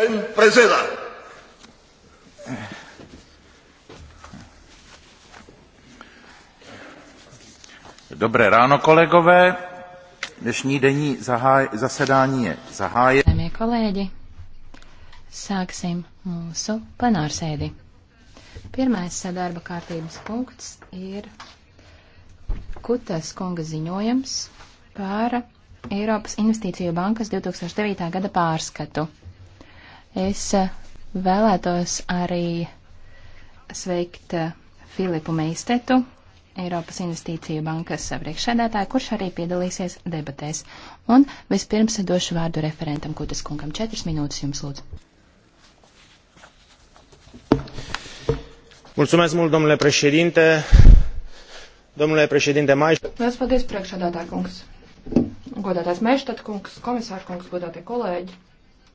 Pen preseda. Dobré ráno, kolegové. Dnešní denní zahāj, zasedání je zahájené. Zemie kolēģi, sāksim mūsu plenārsēdi. Pirmais sadarba kārtības punkts ir Kutas kunga ziņojums par Eiropas Investīciju bankas 2009. gada pārskatu. Es eh, vēlētos arī sveikt eh, Filipu Meistetu, Eiropas Investīciju bankas priekšsēdētāju, kurš arī piedalīsies debatēs. Un vispirms došu vārdu referentam Kutas kungam. Četras minūtes jums lūdzu. Mulțumesc mult, domnule președinte. Domnule președinte Maišs. Mēs paldies priekšsēdētāju kungs. Godātais Meištat kungs, komisārs kungs, godātie kolēģi.